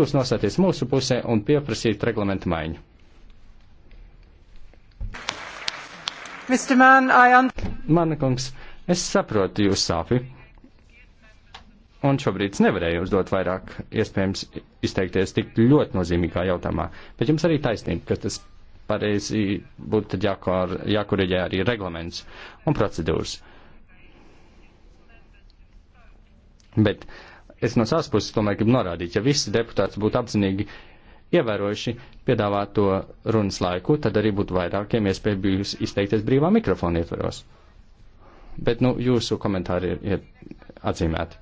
jūs nostāties mūsu pusē un pieprasīt reglamentu maiņu. Man, Mana kungs, es saprotu jūs sāpi. Un šobrīd es nevarēju uzdot vairāk iespējams izteikties tik ļoti nozīmīgā jautājumā. Bet jums arī taisnība, ka tas pareizi būtu tad jākur, jākuriģē arī reglaments un procedūras. Bet uh, es no savas puses tomēr gribu norādīt, ja visi deputāti būtu apzinīgi ievērojuši piedāvāto runas laiku, tad arī būtu vairākiem iespēja bijusi izteikties brīvā mikrofona ietvaros. Bet, nu, jūsu komentāri ir, ir atzīmēti.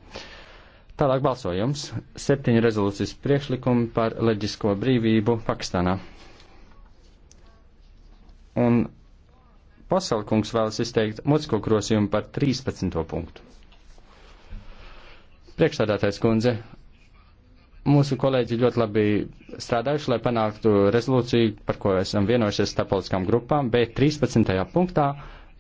Tālāk balsojums. Septiņi rezolūcijas priekšlikumi par leģisko brīvību Pakistānā. Un Pasaulkungs vēlas izteikt mocko krosījumu par 13. punktu. Priekšstādātais kundze, mūsu kolēģi ļoti labi strādājuši, lai panāktu rezolūciju, par ko esam vienojušies starptautiskām grupām, bet 13. punktā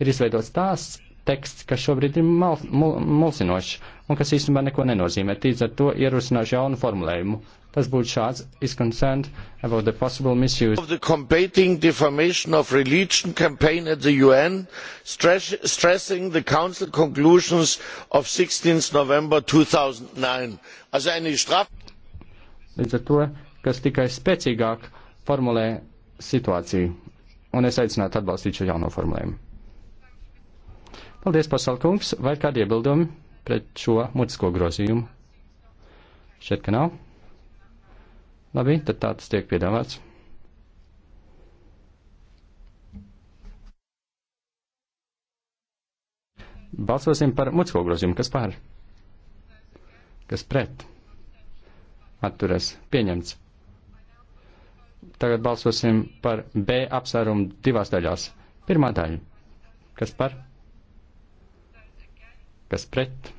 ir izveidots tās teksts, kas šobrīd ir mal, mul, mulsinošs un kas īstenībā neko nenozīmē. Tīdz ar to ierosināšu jaunu formulējumu. Tas būtu šāds is concerned about the possible misuse of the combating defamation of religion campaign at the UN, stress, stressing the Council conclusions of 16th November 2009. Also eine Straf... Līdz ar to, kas tikai spēcīgāk formulē situāciju. Un es aicinātu atbalstīt šo jauno formulējumu. Paldies, pasalkungs. Vai ir kādi iebildumi pret šo mutisko grozījumu? Šeit, ka nav. Labi, tad tāds tiek piedāvāts. Balsosim par mutisko grozījumu. Kas pār? Kas pret? Atturas. Pieņemts. Tagad balsosim par B apsvērumu divās daļās. Pirmā daļa. Kas par? kas pret,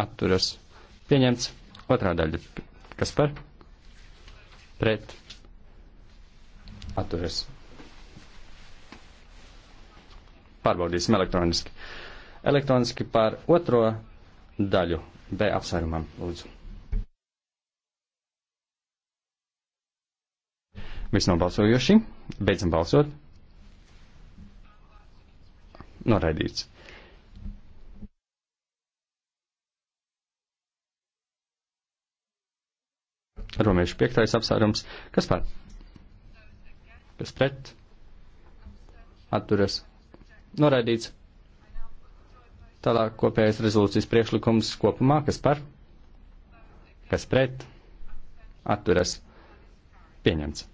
atturas, pieņemts. Otrā daļa, kas par, pret, atturas. Pārbaudīsim elektroniski. Elektroniski par otro daļu B apsvērumam, lūdzu. Viss nobalsojuši, beidzam balsot. Noraidīts. Romiešu piektais apsvērums. Kas par? Kas pret? Atturas. Noraidīts. Tālāk kopējais rezolūcijas priekšlikums kopumā. Kas par? Kas pret? Atturas. Pieņemts.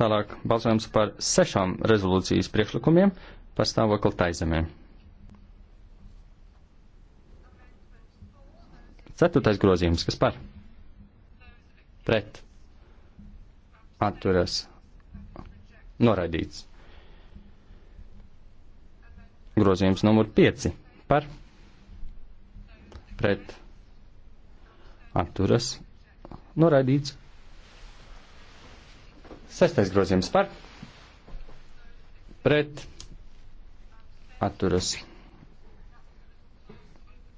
Tālāk balsojums par sešām rezolūcijas priekšlikumiem par stāvokli taizemēm. Ceturtais grozījums, kas par? Pret. Atturas. Noraidīts. Grozījums numur 5 par pret atturas noraidīts. Sestais grozījums par pret atturas.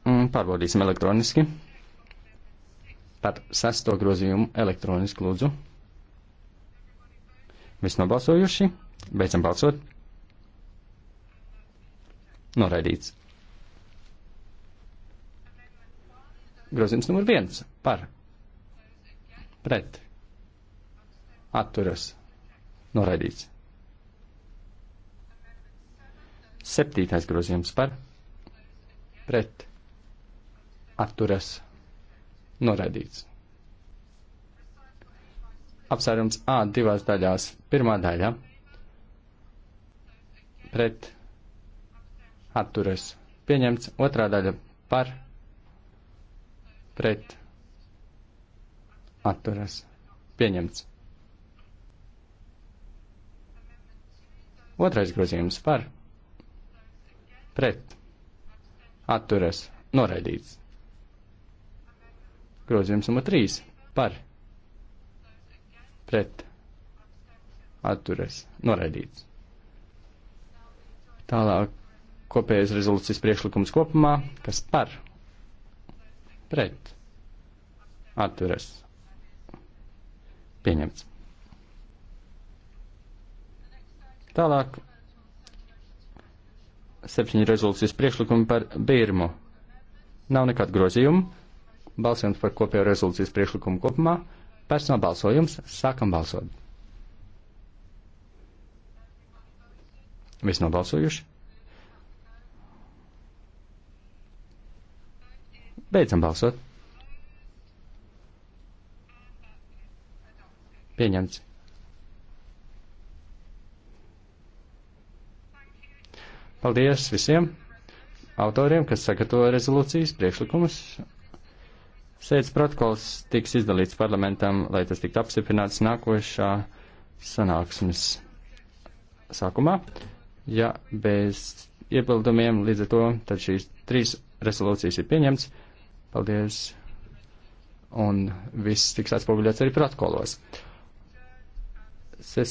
Mm, pārbaudīsim elektroniski par sesto grozījumu elektroniski lūdzu. Viss nobalsojuši, beidzam balsot. Noraidīts. Grozījums numur viens par pret atturas noraidīts. Septītais grozījums par pret atturas noraidīts Noraidīts. Apsvērums A divās daļās. Pirmā daļa pret atturas. Pieņemts otrā daļa par pret atturas. Pieņemts. Otrais grozījums par pret atturas. Noraidīts. Grozījums numur 3 par pret atturēs noraidīts. Tālāk kopējais rezolūcijas priekšlikums kopumā, kas par pret atturēs pieņemts. Tālāk septiņi rezolūcijas priekšlikumi par Birmu. Nav nekādu grozījumu. Balsojums par kopējo rezolūcijas priekšlikumu kopumā. Personāla balsojums. Sākam balsot. Viss nobalsojuši? Beidzam balsot. Pieņemts. Paldies visiem autoriem, kas sagatavoja rezolūcijas priekšlikumus Sēdes protokols tiks izdalīts parlamentam, lai tas tiktu apstiprināts nākošā sanāksmes sākumā. Ja bez iebildumiem līdz ar to, tad šīs trīs rezolūcijas ir pieņemts. Paldies! Un viss tiks atspoguļots arī protokolos. Ses